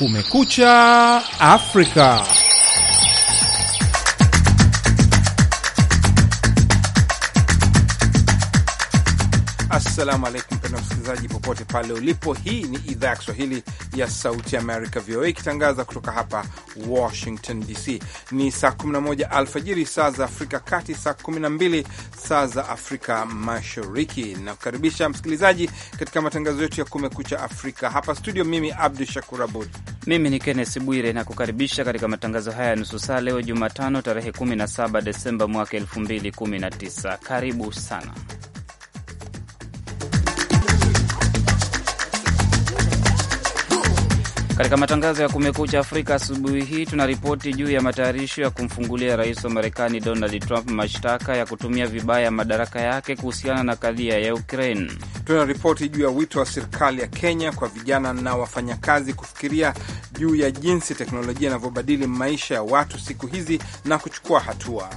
Kumekucha Africa. Assalamu alaikum, msikilizaji, popote pale ulipo. Hii ni idhaa ya Kiswahili ya Sauti Amerika, VOA, ikitangaza kutoka hapa Washington DC. Ni saa 11 alfajiri saa za Afrika Kati, saa 12 saa za Afrika Mashariki. Nakukaribisha msikilizaji katika matangazo yetu ya Kumekucha Afrika hapa studio. Mimi Abdu Shakur Abud, mimi ni Kennes Bwire, nakukaribisha katika matangazo haya ya nusu saa leo Jumatano tarehe 17 Desemba mwaka 2019. Karibu sana Katika matangazo ya Kumekucha Afrika asubuhi hii tuna ripoti juu ya matayarisho ya kumfungulia rais wa Marekani Donald Trump mashtaka ya kutumia vibaya madaraka yake kuhusiana na kadhia ya Ukraine. ripoti juu ya wito wa serikali ya Kenya kwa vijana na wafanyakazi kufikiria juu ya jinsi teknolojia inavyobadili maisha ya watu siku hizi na kuchukua hatua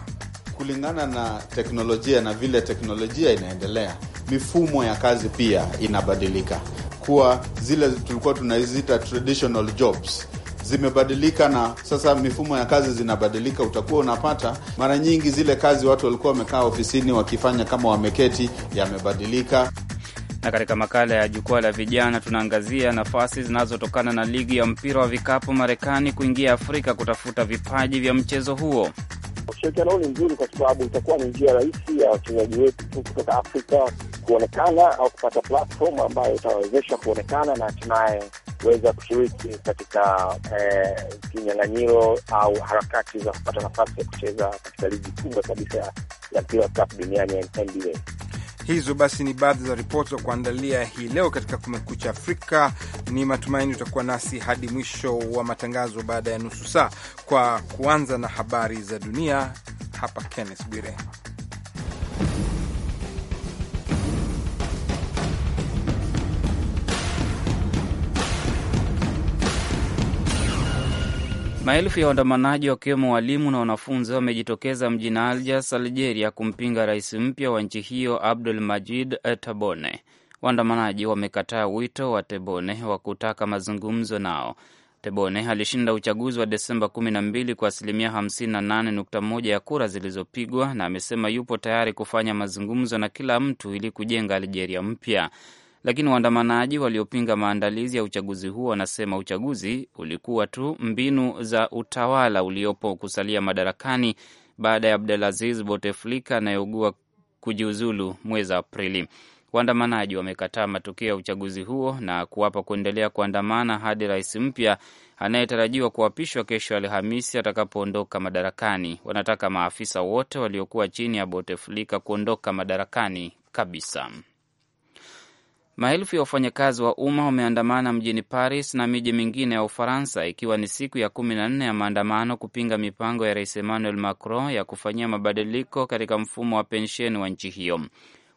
kulingana na teknolojia na vile teknolojia inaendelea, mifumo ya kazi pia inabadilika kuwa zile tulikuwa tunaziita traditional jobs zimebadilika na sasa mifumo ya kazi zinabadilika. Utakuwa unapata mara nyingi zile kazi watu walikuwa wamekaa ofisini wakifanya kama wameketi, yamebadilika. Na katika makala ya jukwaa la vijana tunaangazia nafasi zinazotokana na ligi ya mpira wa vikapu Marekani kuingia Afrika kutafuta vipaji vya mchezo huo. Ushirikiano huu ni mzuri kwa sababu itakuwa ni njia rahisi ya wachezaji wetu tu kutoka Afrika kuonekana au kupata platform ambayo itawawezesha kuonekana na hatimaye kuweza kushiriki katika eh, kinyang'anyiro eh, au harakati za kupata nafasi ya kucheza katika ligi kubwa kabisa ya mpira wa kikapu duniani NBA. Hizo basi ni baadhi za ripoti za kuandalia hii leo katika Kumekucha Afrika. Ni matumaini utakuwa nasi hadi mwisho wa matangazo baada ya nusu saa, kwa kuanza na habari za dunia hapa Kenneth Bwire. Maelfu ya waandamanaji wakiwemo walimu na wanafunzi wamejitokeza mjini Algiers, Algeria, kumpinga rais mpya wa nchi hiyo Abdul Majid Tebboune. Waandamanaji wamekataa wito wa Tebboune wa kutaka mazungumzo nao. Tebboune alishinda uchaguzi wa Desemba 12 kwa asilimia 58.1 ya kura zilizopigwa na amesema yupo tayari kufanya mazungumzo na kila mtu ili kujenga Algeria mpya lakini waandamanaji waliopinga maandalizi ya uchaguzi huo wanasema uchaguzi ulikuwa tu mbinu za utawala uliopo kusalia madarakani baada ya Abdelaziz Bouteflika anayeugua kujiuzulu mwezi Aprili. Waandamanaji wamekataa matokeo ya uchaguzi huo na kuwapa kuendelea kuandamana hadi rais mpya anayetarajiwa kuapishwa kesho Alhamisi atakapoondoka madarakani. Wanataka maafisa wote waliokuwa chini ya Bouteflika kuondoka madarakani kabisa. Maelfu ya wafanyakazi wa umma wameandamana mjini Paris na miji mingine ya Ufaransa, ikiwa ni siku ya kumi na nne ya maandamano kupinga mipango ya Rais Emmanuel Macron ya kufanyia mabadiliko katika mfumo wa pensheni wa nchi hiyo.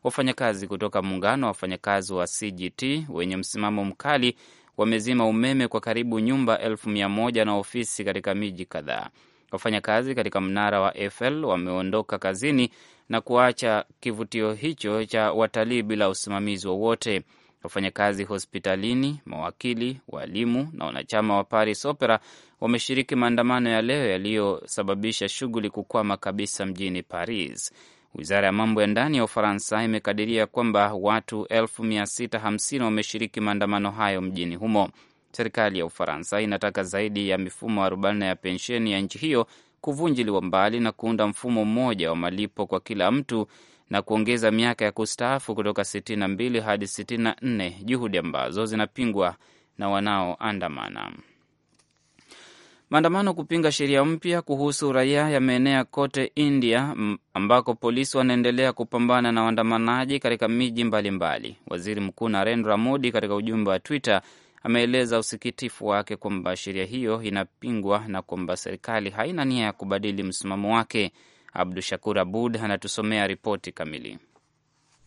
Wafanyakazi kutoka muungano wa wafanyakazi wa CGT wenye msimamo mkali wamezima umeme kwa karibu nyumba elfu mia moja na ofisi katika miji kadhaa. Wafanyakazi katika mnara wa Eiffel wameondoka kazini na kuacha kivutio hicho cha watalii bila usimamizi wowote. Wafanyakazi hospitalini, mawakili, walimu na wanachama wa Paris Opera wameshiriki maandamano ya leo yaliyosababisha shughuli kukwama kabisa mjini Paris. Wizara ya mambo ya ndani ya Ufaransa imekadiria kwamba watu 650 wameshiriki maandamano hayo mjini humo. Serikali ya Ufaransa inataka zaidi ya mifumo 40 ya pensheni ya nchi hiyo kuvunjiliwa mbali na kuunda mfumo mmoja wa malipo kwa kila mtu na kuongeza miaka ya kustaafu kutoka 62 hadi 64, juhudi ambazo zinapingwa na wanaoandamana. Maandamano kupinga sheria mpya kuhusu raia yameenea kote India, ambako polisi wanaendelea kupambana na waandamanaji katika miji mbalimbali Waziri Mkuu Narendra Modi katika ujumbe wa Twitter ameeleza usikitifu wake kwamba sheria hiyo inapingwa na kwamba serikali haina nia ya kubadili msimamo wake. Abdu Shakur Abud anatusomea ripoti kamili.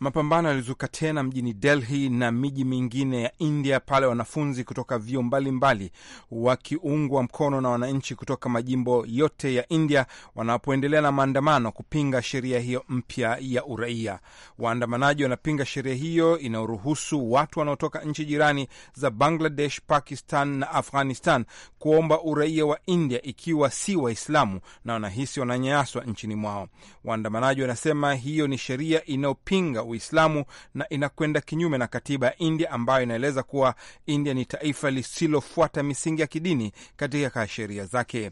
Mapambano yalizuka tena mjini Delhi na miji mingine ya India pale wanafunzi kutoka vyuo mbalimbali wakiungwa mkono na wananchi kutoka majimbo yote ya India wanapoendelea na maandamano kupinga sheria hiyo mpya ya uraia. Waandamanaji wanapinga sheria hiyo inayoruhusu watu wanaotoka nchi jirani za Bangladesh, Pakistan na Afghanistan kuomba uraia wa India ikiwa si Waislamu na wanahisi wananyanyaswa nchini mwao. Waandamanaji wanasema hiyo ni sheria inayopinga Uislamu na inakwenda kinyume na katiba ya India ambayo inaeleza kuwa India ni taifa lisilofuata misingi ya kidini katika sheria zake.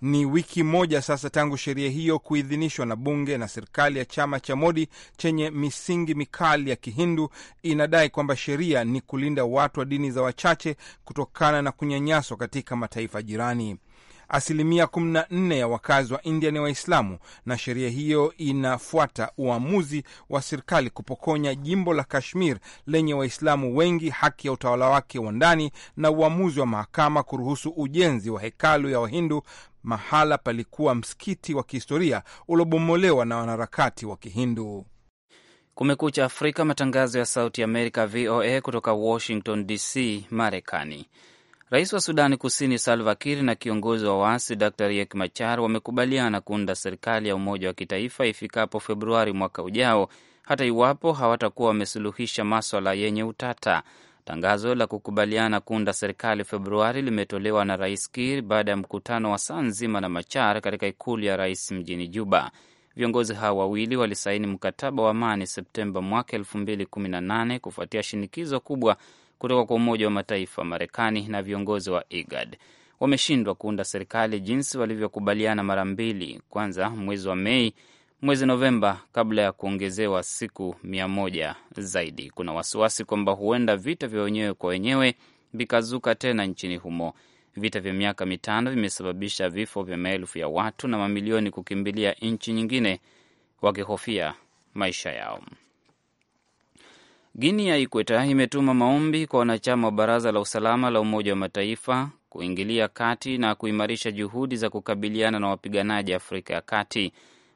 Ni wiki moja sasa tangu sheria hiyo kuidhinishwa na bunge, na serikali ya chama cha Modi chenye misingi mikali ya Kihindu inadai kwamba sheria ni kulinda watu wa dini za wachache kutokana na kunyanyaswa katika mataifa jirani. Asilimia 14 ya wakazi wa India ni Waislamu, na sheria hiyo inafuata uamuzi wa serikali kupokonya jimbo la Kashmir lenye Waislamu wengi haki ya utawala wake wa ndani na uamuzi wa mahakama kuruhusu ujenzi wa hekalu ya Wahindu mahala palikuwa msikiti wa kihistoria uliobomolewa na wanaharakati wa Kihindu. Kumekucha Afrika, matangazo ya Sauti ya Amerika, VOA kutoka Washington DC, Marekani. Rais wa Sudani Kusini Salva Kiir na kiongozi wa waasi Dr Riek Machar wamekubaliana kuunda serikali ya umoja wa kitaifa ifikapo Februari mwaka ujao, hata iwapo hawatakuwa wamesuluhisha maswala yenye utata. Tangazo la kukubaliana kuunda serikali Februari limetolewa na Rais Kiir baada ya mkutano wa saa nzima na Machar katika ikulu ya rais mjini Juba. Viongozi hao wawili walisaini mkataba wa amani Septemba mwaka 2018 kufuatia shinikizo kubwa kutoka kwa Umoja wa Mataifa, Marekani na viongozi wa IGAD wameshindwa kuunda serikali jinsi walivyokubaliana mara mbili, kwanza mwezi wa Mei, mwezi Novemba, kabla ya kuongezewa siku mia moja zaidi. Kuna wasiwasi kwamba huenda vita vya wenyewe kwa wenyewe vikazuka tena nchini humo. Vita vya miaka mitano vimesababisha vifo vya maelfu ya watu na mamilioni kukimbilia nchi nyingine wakihofia maisha yao. Guini ya Ikweta imetuma maombi kwa wanachama wa Baraza la Usalama la Umoja wa Mataifa kuingilia kati na kuimarisha juhudi za kukabiliana na wapiganaji Afrika ya Kati.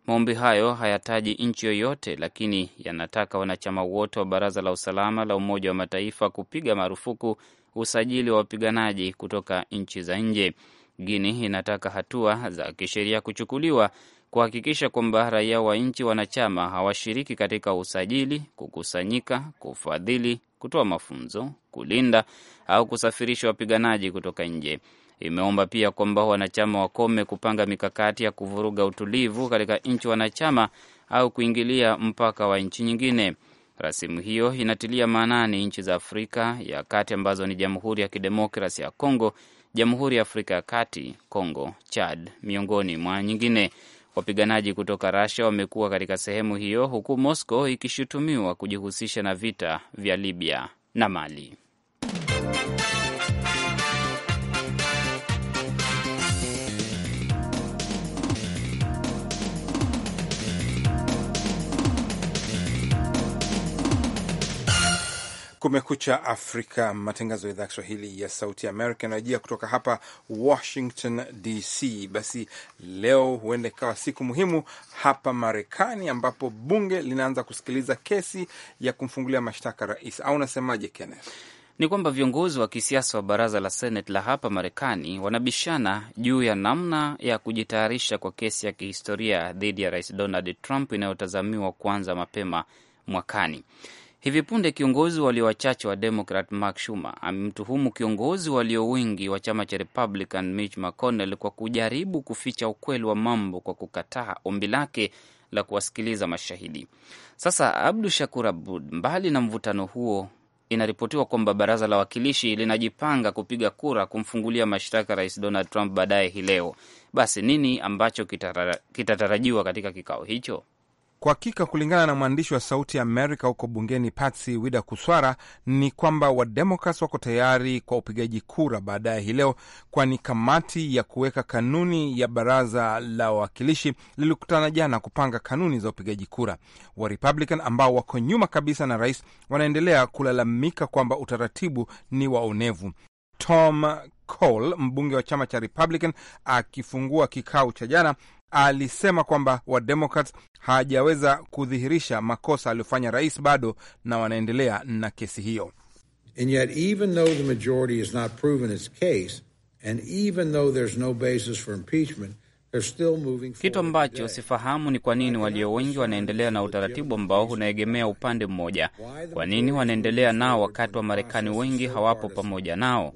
Maombi hayo hayataji nchi yoyote, lakini yanataka wanachama wote wa Baraza la Usalama la Umoja wa Mataifa kupiga marufuku usajili wa wapiganaji kutoka nchi za nje. Guini inataka hatua za kisheria kuchukuliwa kuhakikisha kwamba raia wa nchi wanachama hawashiriki katika usajili, kukusanyika, kufadhili, kutoa mafunzo, kulinda au kusafirisha wapiganaji kutoka nje. Imeomba pia kwamba wanachama wakome kupanga mikakati ya kuvuruga utulivu katika nchi wanachama au kuingilia mpaka wa nchi nyingine. Rasimu hiyo inatilia maanani nchi za Afrika ya Kati ambazo ni Jamhuri ya Kidemokrasi ya Kongo, Jamhuri ya Afrika ya Kati, Kongo, Chad, miongoni mwa nyingine. Wapiganaji kutoka rasia wamekuwa katika sehemu hiyo huku Moscow ikishutumiwa kujihusisha na vita vya Libya na Mali. Kumekucha Afrika, matangazo ya idhaa ya Kiswahili ya Sauti ya Amerika yanajia kutoka hapa Washington DC. Basi leo huenda ikawa siku muhimu hapa Marekani, ambapo bunge linaanza kusikiliza kesi ya kumfungulia mashtaka rais, au unasemaje Kenneth? Ni kwamba viongozi wa kisiasa wa baraza la Seneti la hapa Marekani wanabishana juu ya namna ya kujitayarisha kwa kesi ya kihistoria dhidi ya rais Donald Trump inayotazamiwa kuanza mapema mwakani. Hivi punde kiongozi walio wachache wa demokrat Mark Schumer amemtuhumu kiongozi walio wengi wa chama cha Republican Mitch McConnell kwa kujaribu kuficha ukweli wa mambo kwa kukataa ombi lake la kuwasikiliza mashahidi. Sasa Abdu Shakur Abud, mbali na mvutano huo, inaripotiwa kwamba baraza la wakilishi linajipanga kupiga kura kumfungulia mashtaka Rais Donald Trump baadaye hii leo. Basi nini ambacho kitatarajiwa katika kikao hicho? Kwa hakika kulingana na mwandishi wa Sauti ya Amerika huko bungeni Patsy kuswara ni kwamba Wademokrats wako tayari kwa upigaji kura baadaye hii leo, kwani kamati ya kuweka kanuni ya baraza la wawakilishi lilikutana jana kupanga kanuni za upigaji kura. Warepublican ambao wako nyuma kabisa na rais wanaendelea kulalamika kwamba utaratibu ni waonevu. Tom Cole, mbunge wa chama cha Republican, akifungua kikao cha jana alisema kwamba Wademokrat hajaweza kudhihirisha makosa aliyofanya rais bado, na wanaendelea na kesi hiyo. And yet, even though the majority has not proven its case, and even though there's no basis for impeachment, Kitu ambacho sifahamu ni kwa nini walio wengi wanaendelea na utaratibu ambao unaegemea upande mmoja. Kwa nini wanaendelea nao wakati wa Marekani wengi hawapo pamoja nao?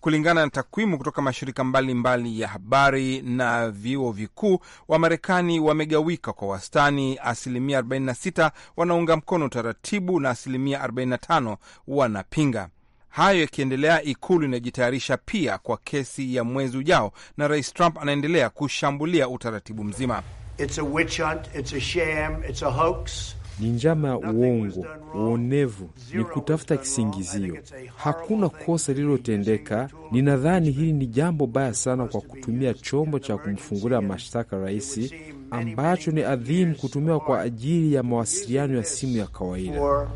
Kulingana na takwimu kutoka mashirika mbalimbali mbali ya habari na vyuo vikuu, Wamarekani wamegawika kwa wastani: asilimia 46 wanaunga mkono utaratibu na asilimia 45 wanapinga. Hayo yakiendelea, ikulu inajitayarisha pia kwa kesi ya mwezi ujao, na Rais Trump anaendelea kushambulia utaratibu mzima. It's a witch hunt, it's a sham, it's a hoax ni njama ya uongo, uonevu, ni kutafuta kisingizio. Hakuna kosa lililotendeka. Ninadhani hili ni jambo baya sana, kwa kutumia chombo cha kumfungulia mashtaka rais ambacho ni adhimu kutumiwa kwa ajili ya mawasiliano ya simu ya kawaida.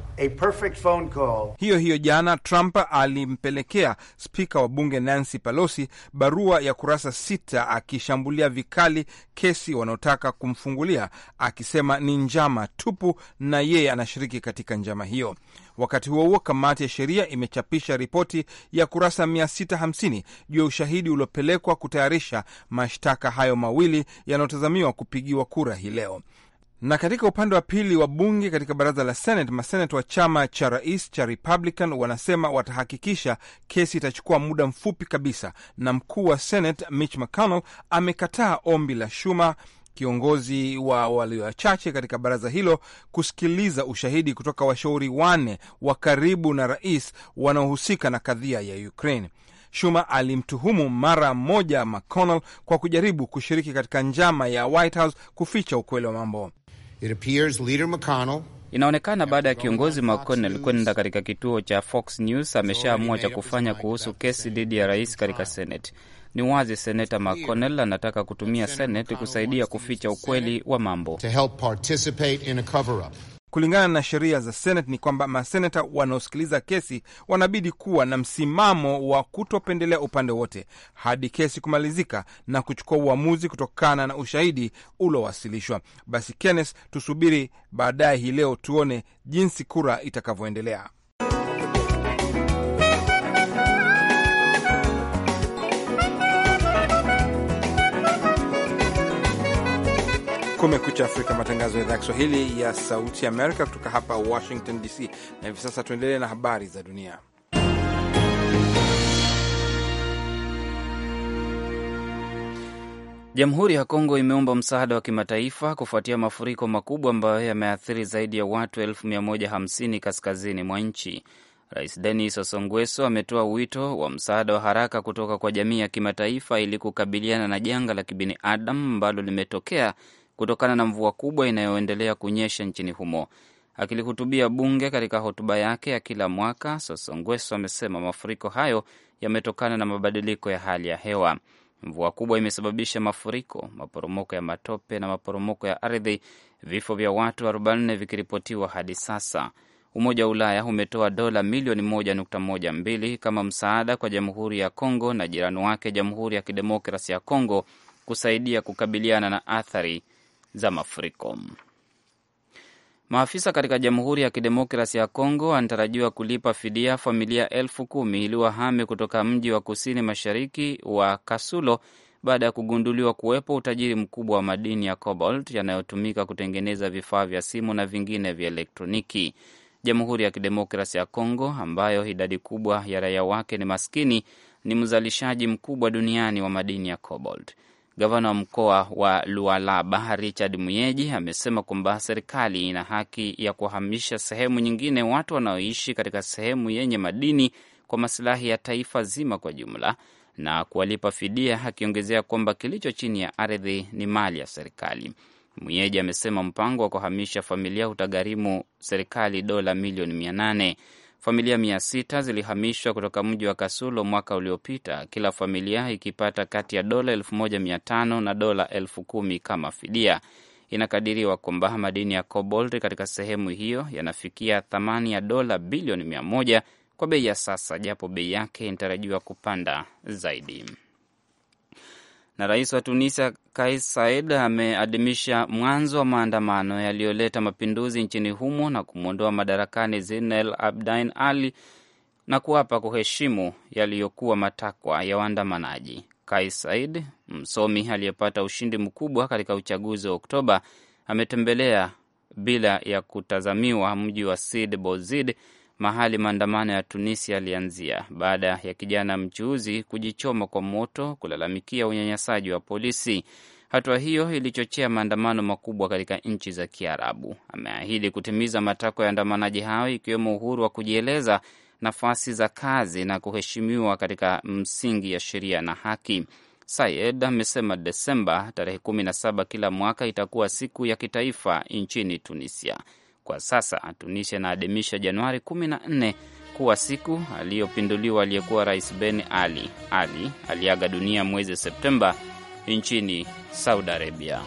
Hiyo hiyo jana, Trump alimpelekea spika wa bunge Nancy Pelosi barua ya kurasa sita akishambulia vikali kesi wanaotaka kumfungulia akisema ni njama tupu na yeye anashiriki katika njama hiyo. Wakati huo huo, kamati ya sheria imechapisha ripoti ya kurasa 650 juu ya ushahidi uliopelekwa kutayarisha mashtaka hayo mawili yanayotazamiwa kupigiwa kura hii leo na katika upande wa pili wa bunge katika baraza la Senate, maseneta wa chama cha rais cha Republican wanasema watahakikisha kesi itachukua muda mfupi kabisa, na mkuu wa Senate Mitch McConnell amekataa ombi la Shuma kiongozi wa walio wachache katika baraza hilo kusikiliza ushahidi kutoka washauri wanne wa karibu na rais wanaohusika na kadhia ya Ukraine. Shuma alimtuhumu mara moja McConnell kwa kujaribu kushiriki katika njama ya White House kuficha ukweli wa mambo. It appears leader McConnell Inaonekana baada ya kiongozi McConnell kwenda katika kituo cha Fox News ameshaamua cha kufanya kuhusu kesi dhidi ya rais katika Senate. Ni wazi Seneta McConnell anataka kutumia Seneti kusaidia kuficha ukweli wa mambo. Kulingana na sheria za Senate ni kwamba maseneta wanaosikiliza kesi wanabidi kuwa na msimamo wa kutopendelea upande wote hadi kesi kumalizika na kuchukua uamuzi kutokana na ushahidi uliowasilishwa. Basi Kenneth, tusubiri baadaye hii leo tuone jinsi kura itakavyoendelea. Kumekucha Afrika, matangazo ya idhaa ya Kiswahili ya Sauti Amerika kutoka hapa Washington DC. Na hivi sasa tuendelee na habari za dunia. Jamhuri ya Kongo imeomba msaada wa kimataifa kufuatia mafuriko makubwa ambayo yameathiri zaidi ya watu 150 kaskazini mwa nchi. Rais Denis Osongweso ametoa wito wa msaada wa haraka kutoka kwa jamii ya kimataifa ili kukabiliana na janga la kibinadamu ambalo limetokea kutokana na mvua kubwa inayoendelea kunyesha nchini humo. Akilihutubia bunge katika hotuba yake ya kila mwaka, sosongweso amesema mafuriko hayo yametokana na mabadiliko ya hali ya hewa. Mvua kubwa imesababisha mafuriko, maporomoko ya matope na maporomoko ya ardhi, vifo vya watu 44 vikiripotiwa hadi sasa. Umoja wa Ulaya umetoa dola milioni 1.12 kama msaada kwa Jamhuri ya Kongo na jirani wake Jamhuri ya Kidemokrasi ya Kongo kusaidia kukabiliana na athari za mafuriko. Maafisa katika Jamhuri ya Kidemokrasi ya Kongo wanatarajiwa kulipa fidia familia elfu kumi iliwahame kutoka mji wa kusini mashariki wa Kasulo baada ya kugunduliwa kuwepo utajiri mkubwa wa madini ya cobalt yanayotumika kutengeneza vifaa vya simu na vingine vya elektroniki. Jamhuri ya Kidemokrasi ya Kongo ambayo idadi kubwa ya raia wake ni maskini, ni mzalishaji mkubwa duniani wa madini ya cobalt. Gavana wa mkoa wa Lualaba Richard Muyeji amesema kwamba serikali ina haki ya kuhamisha sehemu nyingine watu wanaoishi katika sehemu yenye madini kwa masilahi ya taifa zima kwa jumla na kuwalipa fidia, akiongezea kwamba kilicho chini ya ardhi ni mali ya serikali. Mwenyeji amesema mpango wa kuhamisha familia utagharimu serikali dola milioni mia nane. Familia mia sita zilihamishwa kutoka mji wa Kasulo mwaka uliopita, kila familia ikipata kati ya dola elfu moja mia tano na dola elfu kumi kama fidia. Inakadiriwa kwamba madini ya cobalt katika sehemu hiyo yanafikia thamani ya dola bilioni mia moja kwa bei ya sasa, japo bei yake inatarajiwa kupanda zaidi na rais wa Tunisia Kais Saied ameadhimisha mwanzo wa maandamano yaliyoleta mapinduzi nchini humo na kumwondoa madarakani Zine El Abidine Ali na kuapa kuheshimu yaliyokuwa matakwa ya waandamanaji. Kais Saied, msomi aliyepata ushindi mkubwa katika uchaguzi wa Oktoba, ametembelea bila ya kutazamiwa mji wa Sid Bouzid mahali maandamano ya Tunisia yalianzia baada ya kijana mchuuzi kujichoma kwa moto kulalamikia unyanyasaji wa polisi. Hatua hiyo ilichochea maandamano makubwa katika nchi za Kiarabu. Ameahidi kutimiza matakwa ya waandamanaji hao, ikiwemo uhuru wa kujieleza, nafasi za kazi na kuheshimiwa katika msingi ya sheria na haki. Sayed amesema Desemba tarehe 17 kila mwaka itakuwa siku ya kitaifa nchini Tunisia. Kwa sasa Tunisia inaadhimisha Januari 14 kuwa siku aliyopinduliwa aliyekuwa Rais Ben Ali. Ali aliaga dunia mwezi Septemba nchini Saudi Arabia.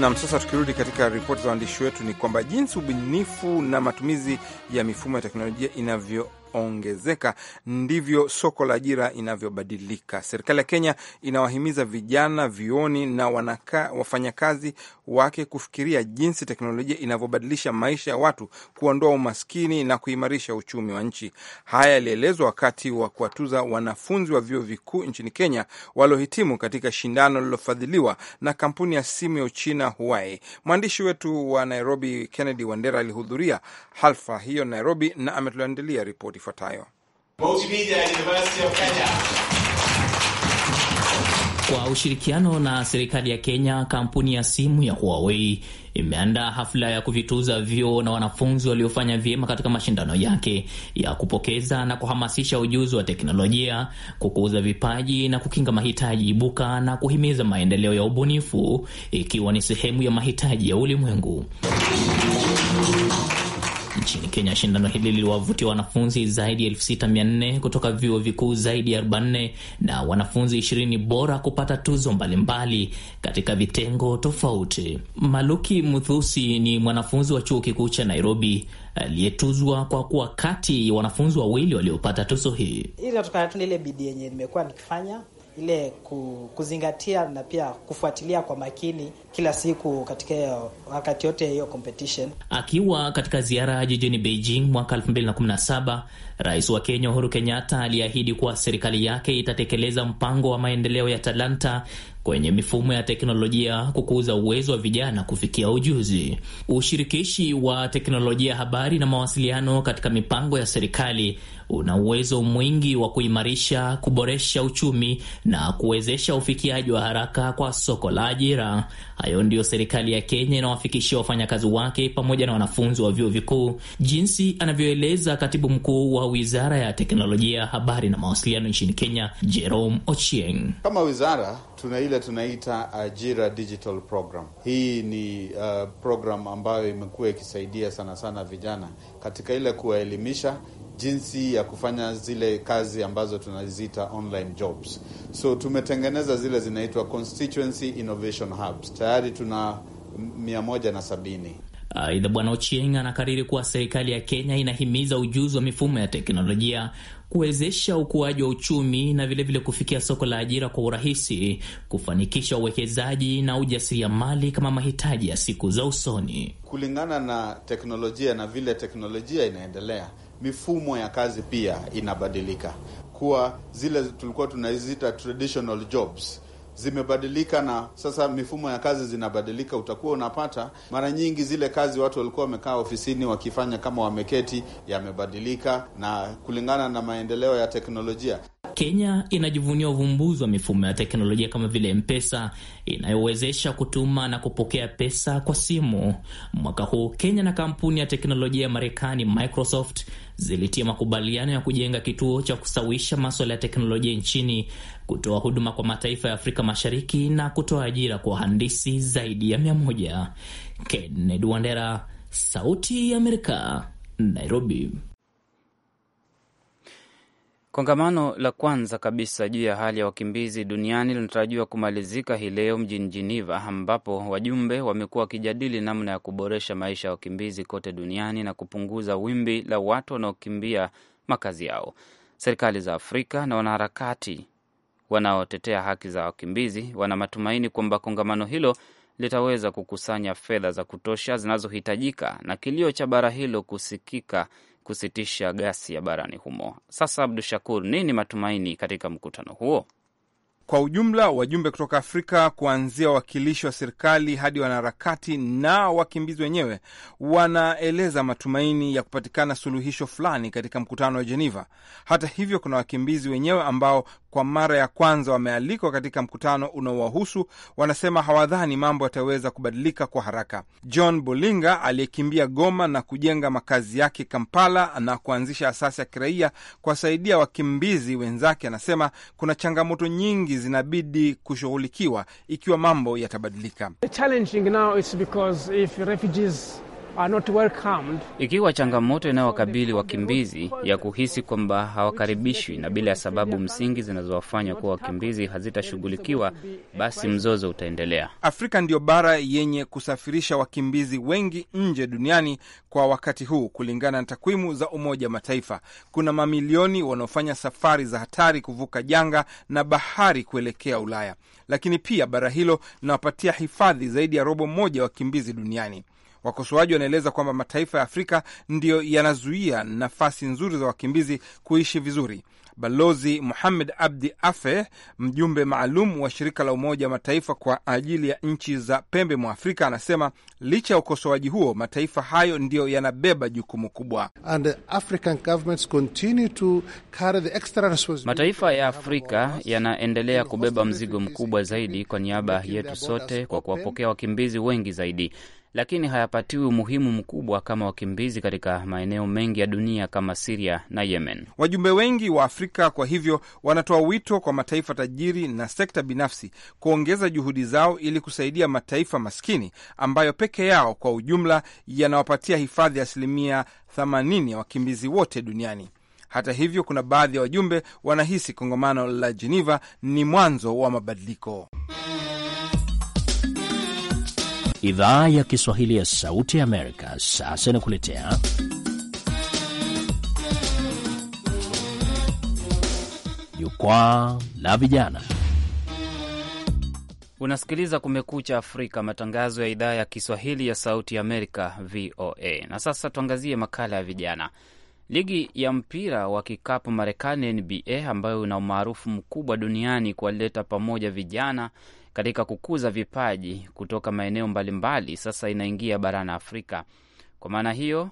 Nam, sasa tukirudi katika ripoti za waandishi wetu, ni kwamba jinsi ubunifu na matumizi ya mifumo ya teknolojia inavyo vinavyoongezeka ndivyo soko la ajira inavyobadilika. Serikali ya Kenya inawahimiza vijana vioni na wanaka, wafanyakazi wake kufikiria jinsi teknolojia inavyobadilisha maisha ya watu, kuondoa umaskini na kuimarisha uchumi wa nchi. Haya yalielezwa wakati wa kuwatuza wanafunzi wa vyuo vikuu nchini Kenya waliohitimu katika shindano lililofadhiliwa na kampuni ya simu ya Uchina Huawei. Mwandishi wetu wa Nairobi Kennedy Wandera alihudhuria halfa hiyo Nairobi na ametuandalia ripoti ifuatayo. Kwa ushirikiano na serikali ya Kenya, kampuni ya simu ya Huawei imeandaa hafla ya kuvituza vyuo na wanafunzi waliofanya vyema katika mashindano yake ya kupokeza na kuhamasisha ujuzi wa teknolojia, kukuza vipaji na kukinga mahitaji ibuka na kuhimiza maendeleo ya ubunifu, ikiwa ni sehemu ya mahitaji ya ulimwengu. Nchini Kenya, shindano hili liliwavutia wanafunzi zaidi ya elfu sita mia nne kutoka vyuo vikuu zaidi ya 40 na wanafunzi ishirini bora kupata tuzo mbalimbali mbali katika vitengo tofauti. Maluki Muthusi ni mwanafunzi wa chuo kikuu cha Nairobi aliyetuzwa kwa kuwa kati ya wanafunzi wawili waliopata tuzo hii. Inatokana tu na ile bidii yenye nimekuwa nikifanya ile kuzingatia na pia kufuatilia kwa makini kila siku katika wakati yote hiyo competition. Akiwa katika ziara jijini Beijing mwaka 2017, Rais wa Kenya Uhuru Kenyatta aliahidi kuwa serikali yake itatekeleza mpango wa maendeleo ya talanta kwenye mifumo ya teknolojia kukuza uwezo wa vijana kufikia ujuzi. Ushirikishi wa teknolojia, habari na mawasiliano katika mipango ya serikali una uwezo mwingi wa kuimarisha, kuboresha uchumi na kuwezesha ufikiaji wa haraka kwa soko la ajira. Hayo ndiyo serikali ya Kenya inawafikishia wafanyakazi wake pamoja na wanafunzi wa vyuo vikuu, jinsi anavyoeleza katibu mkuu wa wizara ya teknolojia, habari na mawasiliano nchini Kenya, Jerome Ochieng. Kama wizara tuna ile tunaita ajira digital program. Hii ni uh, program ambayo imekuwa ikisaidia sana sana vijana katika ile kuwaelimisha jinsi ya kufanya zile kazi ambazo tunaziita online jobs. So tumetengeneza zile zinaitwa constituency innovation hubs, tayari tuna mia moja na sabini. Aidha, Bwana Ochieng anakariri kuwa serikali ya Kenya inahimiza ujuzi wa mifumo ya teknolojia kuwezesha ukuaji wa uchumi na vilevile vile kufikia soko la ajira kwa urahisi, kufanikisha uwekezaji na ujasiriamali kama mahitaji ya siku za usoni, kulingana na teknolojia na vile teknolojia inaendelea mifumo ya kazi pia inabadilika, kuwa zile tulikuwa tunaziita traditional jobs zimebadilika na sasa mifumo ya kazi zinabadilika. Utakuwa unapata mara nyingi zile kazi watu walikuwa wamekaa ofisini wakifanya kama wameketi, yamebadilika na kulingana na maendeleo ya teknolojia. Kenya inajivunia uvumbuzi wa mifumo ya teknolojia kama vile mpesa inayowezesha kutuma na kupokea pesa kwa simu. Mwaka huu Kenya na kampuni ya teknolojia ya Marekani Microsoft zilitia makubaliano ya kujenga kituo cha kusawisha maswala ya teknolojia nchini, kutoa huduma kwa mataifa ya Afrika Mashariki na kutoa ajira kwa wahandisi zaidi ya mia moja. Kennedy Wandera, Sauti ya Amerika, Nairobi. Kongamano la kwanza kabisa juu ya hali ya wakimbizi duniani linatarajiwa kumalizika hii leo mjini jiniva ambapo wajumbe wamekuwa wakijadili namna ya kuboresha maisha ya wakimbizi kote duniani na kupunguza wimbi la watu wanaokimbia makazi yao. Serikali za Afrika na wanaharakati wanaotetea haki za wakimbizi wana matumaini kwamba kongamano hilo litaweza kukusanya fedha za kutosha zinazohitajika na kilio cha bara hilo kusikika kusitisha ghasia barani humo. Sasa, Abdu Shakur, nini matumaini katika mkutano huo? Kwa ujumla wajumbe kutoka Afrika kuanzia wawakilishi wa serikali hadi wanaharakati na wakimbizi wenyewe wanaeleza matumaini ya kupatikana suluhisho fulani katika mkutano wa Jeneva. Hata hivyo, kuna wakimbizi wenyewe ambao kwa mara ya kwanza wamealikwa katika mkutano unaowahusu, wanasema hawadhani mambo yataweza kubadilika kwa haraka. John Bolinga aliyekimbia Goma na kujenga makazi yake Kampala na kuanzisha asasi ya kiraia kuwasaidia wakimbizi wenzake, anasema kuna changamoto nyingi zinabidi kushughulikiwa ikiwa mambo yatabadilika are not welcomed. Ikiwa changamoto inayowakabili wakimbizi ya kuhisi kwamba hawakaribishwi na bila ya sababu msingi zinazowafanya kuwa wakimbizi hazitashughulikiwa, basi mzozo utaendelea. Afrika ndiyo bara yenye kusafirisha wakimbizi wengi nje duniani kwa wakati huu, kulingana na takwimu za Umoja wa Mataifa. Kuna mamilioni wanaofanya safari za hatari kuvuka janga na bahari kuelekea Ulaya, lakini pia bara hilo linawapatia hifadhi zaidi ya robo moja wakimbizi duniani. Wakosoaji wanaeleza kwamba mataifa ya Afrika ndiyo yanazuia nafasi nzuri za wakimbizi kuishi vizuri. Balozi Muhamed Abdi Afe, mjumbe maalum wa shirika la Umoja wa Mataifa kwa ajili ya nchi za pembe mwa Afrika, anasema licha ya ukosoaji huo, mataifa hayo ndiyo yanabeba jukumu kubwa. Mataifa ya Afrika yanaendelea kubeba mzigo mkubwa zaidi kwa niaba yetu sote, kwa kuwapokea wakimbizi wengi zaidi lakini hayapatiwi umuhimu mkubwa kama wakimbizi katika maeneo mengi ya dunia kama Siria na Yemen. Wajumbe wengi wa Afrika kwa hivyo wanatoa wito kwa mataifa tajiri na sekta binafsi kuongeza juhudi zao ili kusaidia mataifa maskini ambayo peke yao kwa ujumla yanawapatia hifadhi ya asilimia 80 ya wakimbizi wote duniani. Hata hivyo, kuna baadhi ya wajumbe wanahisi kongamano la Geneva ni mwanzo wa mabadiliko. Idhaa ya Kiswahili ya Sauti ya Amerika sasa inakuletea Jukwaa la Vijana. Unasikiliza Kumekucha Afrika, matangazo ya idhaa ya Kiswahili ya Sauti ya Amerika, VOA. Na sasa tuangazie makala ya vijana. Ligi ya mpira wa kikapu Marekani, NBA, ambayo ina umaarufu mkubwa duniani kuwaleta pamoja vijana katika kukuza vipaji kutoka maeneo mbalimbali, sasa inaingia barani Afrika. Kwa maana hiyo,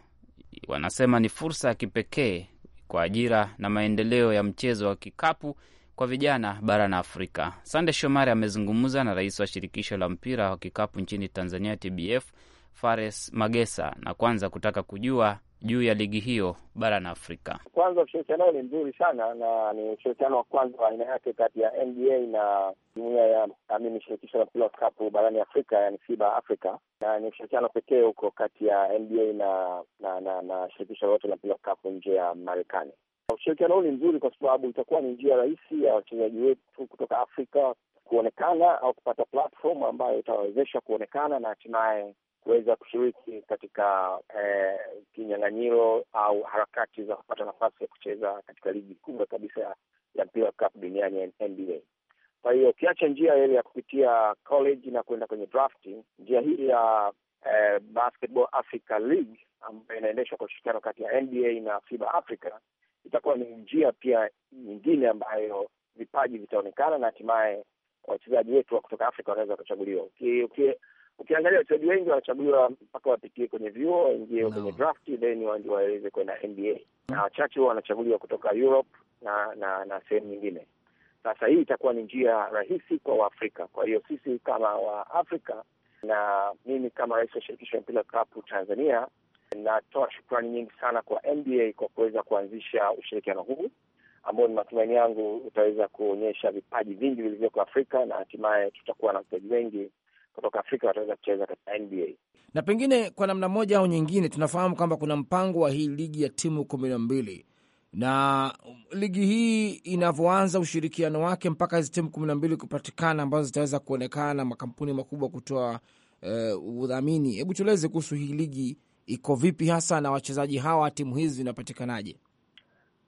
wanasema ni fursa ya kipekee kwa ajira na maendeleo ya mchezo wa kikapu kwa vijana barani Afrika. Sande Shomari amezungumza na rais wa shirikisho la mpira wa kikapu nchini Tanzania, TBF, Fares Magesa, na kwanza kutaka kujua juu ya ligi hiyo barani Afrika. Kwanza ushirikiano ni mzuri sana, na ni ushirikiano wa kwanza wa aina yake kati ya NBA na jumuia ya amini shirikisho la mpira wa kikapu barani Afrika, yani FIBA Africa, na ni ushirikiano pekee huko kati ya NBA na na na, na shirikisho lote la mpira wa kikapu nje ya Marekani. Ushirikiano huu ni mzuri kwa sababu itakuwa ni njia rahisi ya wachezaji wetu kutoka Afrika kuonekana au kupata platform ambayo itawawezesha kuonekana na hatimaye kuweza kushiriki katika eh, kinyang'anyiro au harakati za kupata nafasi ya kucheza katika ligi kubwa kabisa ya mpira wa kikapu duniani NBA. Kwa hiyo ukiacha njia ile ya kupitia college na kuenda kwenye drafting, njia hii ya eh, Basketball Africa League ambayo inaendeshwa kwa ushirikiano kati ya NBA na FIBA Africa itakuwa ni njia pia nyingine ambayo vipaji vitaonekana na hatimaye wachezaji wetu wa kutoka Afrika wanaweza wakachaguliwa ukiangalia wachezaji wengi wanachaguliwa mpaka wapitie kwenye vyuo waingie no. kwenye draft then wandi waweze kwenda NBA na wachache huwa wanachaguliwa kutoka Europe na na, na sehemu nyingine. Sasa hii itakuwa ni njia rahisi kwa Waafrika. Kwa hiyo sisi kama Waafrika na mimi kama rais wa shirikisho ya mpira kapu Tanzania natoa shukrani nyingi sana kwa NBA kwa kuweza kuanzisha ushirikiano huu ambao ni matumaini yangu utaweza kuonyesha vipaji vingi vilivyoko Afrika na hatimaye tutakuwa na wachezaji wengi kutoka Afrika wataweza kucheza katika NBA. Na pengine kwa namna moja au nyingine, tunafahamu kwamba kuna mpango wa hii ligi ya timu kumi na mbili na ligi hii inavyoanza ushirikiano wake mpaka hizi timu kumi na mbili kupatikana ambazo zitaweza kuonekana, na makampuni makubwa kutoa uh, udhamini. Hebu tueleze kuhusu hii ligi iko vipi hasa na wachezaji hawa, timu hizi zinapatikanaje?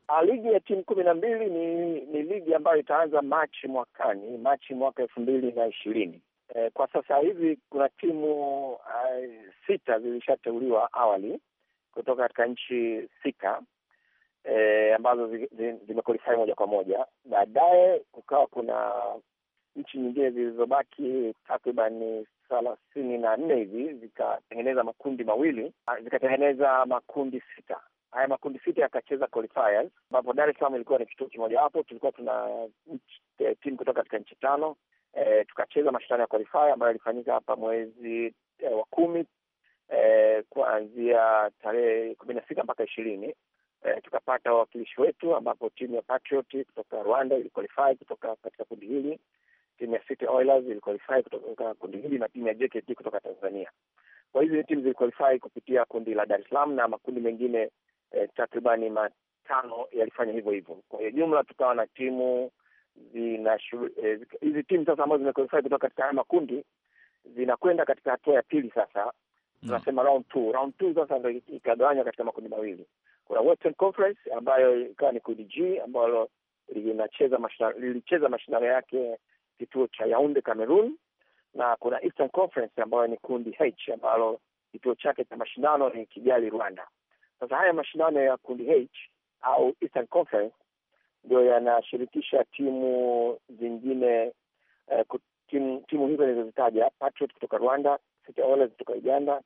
Ah, ligi ya timu kumi na mbili ni, ni ligi ambayo itaanza Machi mwakani, Machi mwaka elfu mbili na ishirini E, kwa sasa hivi kuna timu uh, sita zilishateuliwa awali kutoka katika nchi sita e, ambazo zimekwalifai moja kwa moja. Baadaye kukawa kuna nchi nyingine zilizobaki takriban thelathini na nne hivi zikatengeneza makundi mawili, ah, zikatengeneza makundi sita. Haya makundi sita yakacheza qualifiers, ambapo Dar es Salaam ilikuwa ni kituo kimojawapo. Tulikuwa tuna timu kutoka katika nchi tano e, tukacheza mashindano ya qualifier ambayo yalifanyika hapa mwezi e, wa kumi e, kuanzia tarehe kumi na sita mpaka ishirini e, tukapata wawakilishi wetu ambapo timu ya Patriot kutoka Rwanda iliqualify kutoka katika kundi hili, timu ya City Oilers iliqualify kutoka kundi hili na timu ya JKT kutoka Tanzania. Kwa hizi timu ziliqualify kupitia kundi la Dar es Salaam na makundi mengine e, takribani matano yalifanya hivyo hivyo. Kwa hiyo jumla tukawa na timu Eh, hizi timu sasa ambazo zimekwalifai kutoka katika haya makundi zinakwenda katika hatua ya pili sasa mm. tunasema no. round two. Round two sasa ndo ikagawanywa katika makundi mawili. Kuna Western Conference ambayo ikawa ni kundi G ambalo linacheza lilicheza mashindano yake kituo cha yaunde Cameroon, na kuna Eastern Conference ambayo ni kundi H ambalo kituo chake cha mashindano ni Kigali Rwanda. Sasa haya mashindano ya kundi H au Eastern Conference ndio yanashirikisha timu zingine uh, timu, timu hizo nilizozitaja Patriot kutoka Rwanda, City Oilers Uganda,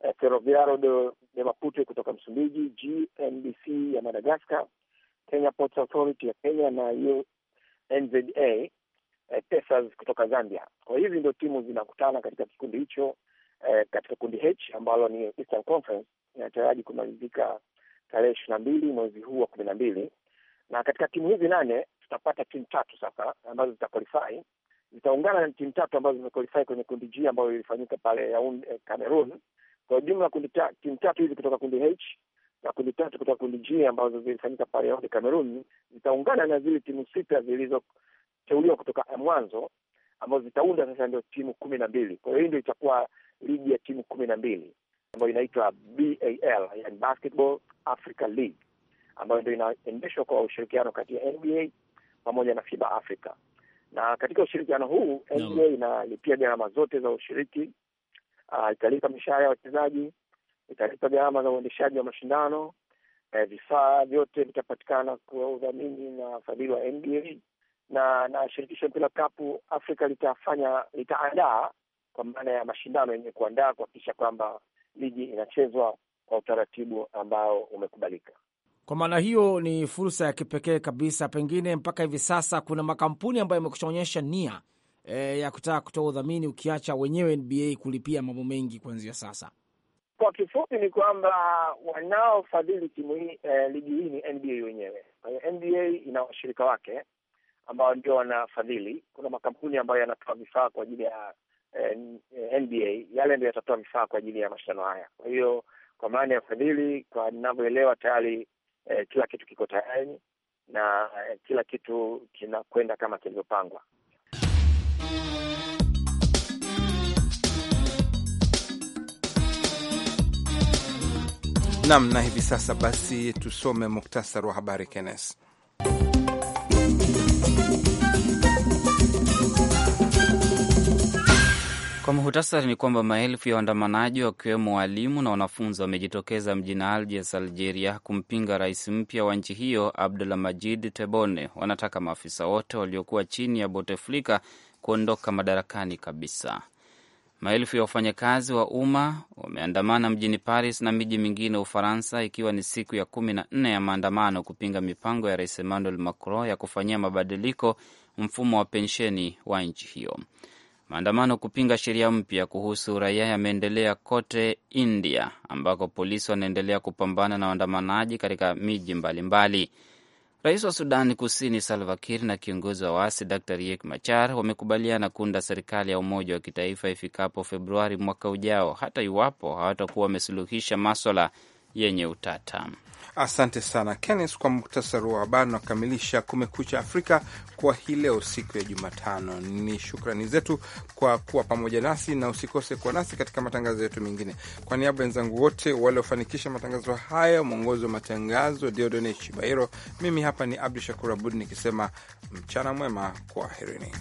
eh, feroviaro uh, de Maputo kutoka Msumbiji, GNBC ya Madagascar, Kenya Ports Authority ya Kenya na UNZA uh, eh, kutoka Zambia. Kwa hizi ndio timu zinakutana katika kikundi hicho uh, katika kundi H ambalo ni Eastern Conference inataraji kumalizika tarehe ishirini na mbili mwezi huu wa kumi na mbili na katika timu hizi nane tutapata timu tatu sasa ambazo zitaqualify, zitaungana na timu tatu ambazo zimequalify kwenye kundi G ambayo ilifanyika pale eh, Cameroon. Kwa jumla ta, timu tatu hizi kutoka kundi H na kundi tatu kutoka kundi G ambazo zilifanyika pale Yaounde, Cameroon zitaungana na zile timu sita zilizoteuliwa kutoka mwanzo ambazo zitaunda sasa ndio timu kumi na mbili. Kwa hiyo hii ndio itakuwa ligi ya timu kumi na mbili ambayo inaitwa BAL, yani Basketball Africa League ambayo ndio inaendeshwa kwa ushirikiano kati ya NBA pamoja na FIBA Africa. Na katika ushirikiano huu NBA inalipia gharama zote za ushiriki, uh, italipa mishahara ya wachezaji, italipa gharama za uendeshaji wa mashindano, eh, vifaa vyote vitapatikana kwa udhamini na fadhili wa NBA na na shirikisho mpira kapu Afrika litafanya litaandaa kwa maana ya mashindano yenye kuandaa kuhakikisha kwamba ligi inachezwa kwa utaratibu ambao umekubalika. Kwa maana hiyo ni fursa ya kipekee kabisa. Pengine mpaka hivi sasa kuna makampuni ambayo yamekushaonyesha nia e, ya kutaka kutoa udhamini, ukiacha wenyewe NBA kulipia mambo mengi kuanzia sasa. Kwa kifupi ni kwamba wanaofadhili timu hii eh, ligi hii ni NBA wenyewe. NBA ina washirika wake ambao ndio wanafadhili. Kuna makampuni ambayo yanatoa vifaa kwa ajili ya eh, NBA, yale ndio yatatoa vifaa kwa ajili ya mashindano haya. Kwa hiyo kwa maana ya fadhili, kwa ninavyoelewa, tayari eh, kila kitu kiko tayari na eh, kila kitu kinakwenda kama kilivyopangwa. Nam na hivi sasa basi, tusome muktasari wa habari Kenes. Kwa muhtasari ni kwamba maelfu ya waandamanaji wakiwemo walimu na wanafunzi wamejitokeza mjini Algiers, Algeria, kumpinga rais mpya wa nchi hiyo majid tebone Wanataka maafisa wote waliokuwa chini ya Bouteflika kuondoka madarakani kabisa. Maelfu ya wafanyakazi wa umma wameandamana mjini Paris na miji mingine Ufaransa, ikiwa ni siku ya kumi na nne ya maandamano kupinga mipango ya rais Emmanuel Macron ya kufanyia mabadiliko mfumo wa pensheni wa nchi hiyo. Maandamano kupinga sheria mpya kuhusu raia yameendelea kote India, ambako polisi wanaendelea kupambana na waandamanaji katika miji mbalimbali. Rais wa Sudani Kusini Salva Kiir na kiongozi wa waasi Dr Riek Machar wamekubaliana kuunda serikali ya umoja wa kitaifa ifikapo Februari mwaka ujao, hata iwapo hawatakuwa wamesuluhisha maswala yenye utata. Asante sana Kennes kwa muktasari wa habari. Nakamilisha Kumekucha Afrika kwa hii leo, siku ya Jumatano. Ni shukrani zetu kwa kuwa pamoja nasi, na usikose kuwa nasi katika matangazo yetu mengine. Kwa niaba wenzangu wote waliofanikisha matangazo haya, mwongozi wa matangazo Diodone Chibairo, mimi hapa ni Abdu Shakur Abud nikisema mchana mwema, kwaherini.